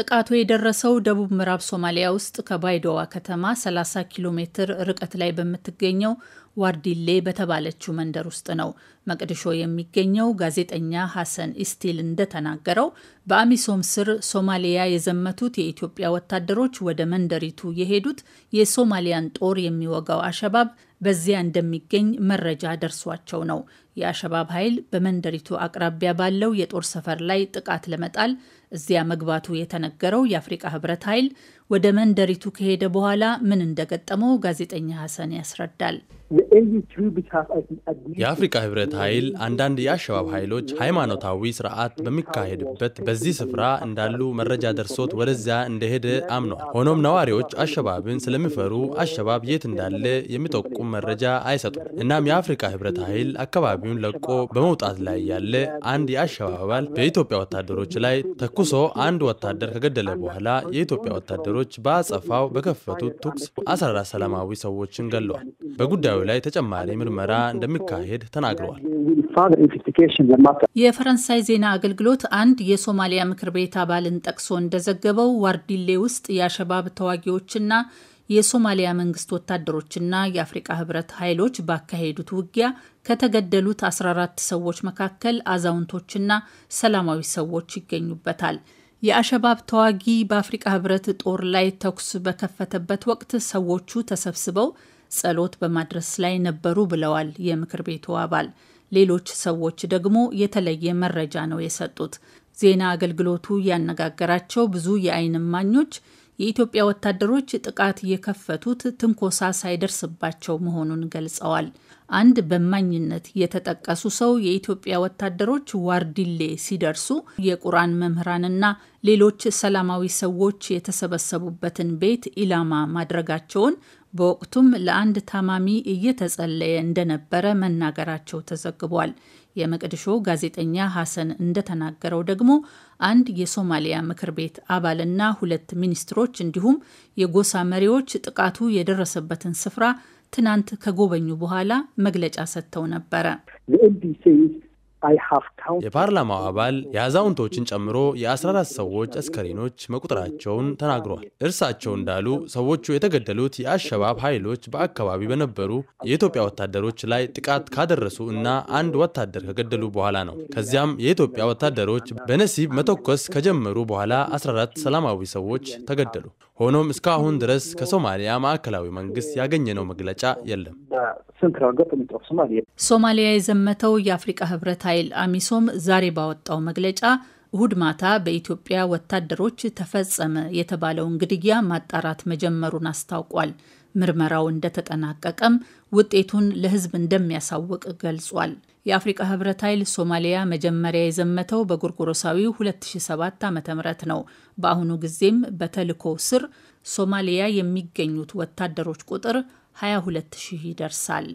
ጥቃቱ የደረሰው ደቡብ ምዕራብ ሶማሊያ ውስጥ ከባይዶዋ ከተማ 30 ኪሎ ሜትር ርቀት ላይ በምትገኘው ዋርዲሌ በተባለችው መንደር ውስጥ ነው። መቅድሾ የሚገኘው ጋዜጠኛ ሐሰን ኢስቲል እንደተናገረው በአሚሶም ስር ሶማሊያ የዘመቱት የኢትዮጵያ ወታደሮች ወደ መንደሪቱ የሄዱት የሶማሊያን ጦር የሚወጋው አሸባብ በዚያ እንደሚገኝ መረጃ ደርሷቸው ነው። የአሸባብ ኃይል በመንደሪቱ አቅራቢያ ባለው የጦር ሰፈር ላይ ጥቃት ለመጣል እዚያ መግባቱ የተነገረው የአፍሪቃ ህብረት ኃይል ወደ መንደሪቱ ከሄደ በኋላ ምን እንደገጠመው ጋዜጠኛ ሀሰን ያስረዳል። የአፍሪካ ህብረት ኃይል አንዳንድ የአሸባብ ኃይሎች ሃይማኖታዊ ስርዓት በሚካሄድበት በዚህ ስፍራ እንዳሉ መረጃ ደርሶት ወደዚያ እንደሄደ አምኗል። ሆኖም ነዋሪዎች አሸባብን ስለሚፈሩ አሸባብ የት እንዳለ የሚጠቁም መረጃ አይሰጡም። እናም የአፍሪካ ህብረት ኃይል አካባቢውን ለቆ በመውጣት ላይ ያለ አንድ የአሸባብ አባል በኢትዮጵያ ወታደሮች ላይ ተኩሶ አንድ ወታደር ከገደለ በኋላ የኢትዮጵያ ወታደሮች ወታደሮች በአጸፋው በከፈቱት ተኩስ 14 ሰላማዊ ሰዎችን ገለዋል። በጉዳዩ ላይ ተጨማሪ ምርመራ እንደሚካሄድ ተናግረዋል። የፈረንሳይ ዜና አገልግሎት አንድ የሶማሊያ ምክር ቤት አባልን ጠቅሶ እንደዘገበው ዋርዲሌ ውስጥ የአሸባብ ተዋጊዎችና የሶማሊያ መንግስት ወታደሮችና የአፍሪቃ ህብረት ኃይሎች ባካሄዱት ውጊያ ከተገደሉት 14 ሰዎች መካከል አዛውንቶችና ሰላማዊ ሰዎች ይገኙበታል። የአሸባብ ተዋጊ በአፍሪቃ ህብረት ጦር ላይ ተኩስ በከፈተበት ወቅት ሰዎቹ ተሰብስበው ጸሎት በማድረስ ላይ ነበሩ ብለዋል የምክር ቤቱ አባል። ሌሎች ሰዎች ደግሞ የተለየ መረጃ ነው የሰጡት። ዜና አገልግሎቱ ያነጋገራቸው ብዙ የዓይን እማኞች የኢትዮጵያ ወታደሮች ጥቃት የከፈቱት ትንኮሳ ሳይደርስባቸው መሆኑን ገልጸዋል። አንድ በማኝነት የተጠቀሱ ሰው የኢትዮጵያ ወታደሮች ዋርዲሌ ሲደርሱ የቁርአን መምህራንና ሌሎች ሰላማዊ ሰዎች የተሰበሰቡበትን ቤት ኢላማ ማድረጋቸውን በወቅቱም ለአንድ ታማሚ እየተጸለየ እንደነበረ መናገራቸው ተዘግቧል። የመቅድሾ ጋዜጠኛ ሀሰን እንደተናገረው ደግሞ አንድ የሶማሊያ ምክር ቤት አባልና ሁለት ሚኒስትሮች እንዲሁም የጎሳ መሪዎች ጥቃቱ የደረሰበትን ስፍራ ትናንት ከጎበኙ በኋላ መግለጫ ሰጥተው ነበረ። የፓርላማው አባል የአዛውንቶችን ጨምሮ የ14 ሰዎች አስከሬኖች መቁጠራቸውን ተናግሯል። እርሳቸው እንዳሉ ሰዎቹ የተገደሉት የአሸባብ ኃይሎች በአካባቢ በነበሩ የኢትዮጵያ ወታደሮች ላይ ጥቃት ካደረሱ እና አንድ ወታደር ከገደሉ በኋላ ነው። ከዚያም የኢትዮጵያ ወታደሮች በነሲብ መተኮስ ከጀመሩ በኋላ 14 ሰላማዊ ሰዎች ተገደሉ። ሆኖም እስካሁን ድረስ ከሶማሊያ ማዕከላዊ መንግስት ያገኘነው መግለጫ የለም። ስንክራገጥ የሚጠፍ ሶማሊያ የዘመተው የአፍሪቃ ህብረት ኃይል አሚሶም ዛሬ ባወጣው መግለጫ እሁድ ማታ በኢትዮጵያ ወታደሮች ተፈጸመ የተባለውን ግድያ ማጣራት መጀመሩን አስታውቋል። ምርመራው እንደተጠናቀቀም ውጤቱን ለህዝብ እንደሚያሳውቅ ገልጿል። የአፍሪቃ ህብረት ኃይል ሶማሊያ መጀመሪያ የዘመተው በጎርጎሮሳዊው 2007 ዓ ም ነው። በአሁኑ ጊዜም በተልእኮው ስር ሶማሊያ የሚገኙት ወታደሮች ቁጥር 22 ሺህ ይደርሳል።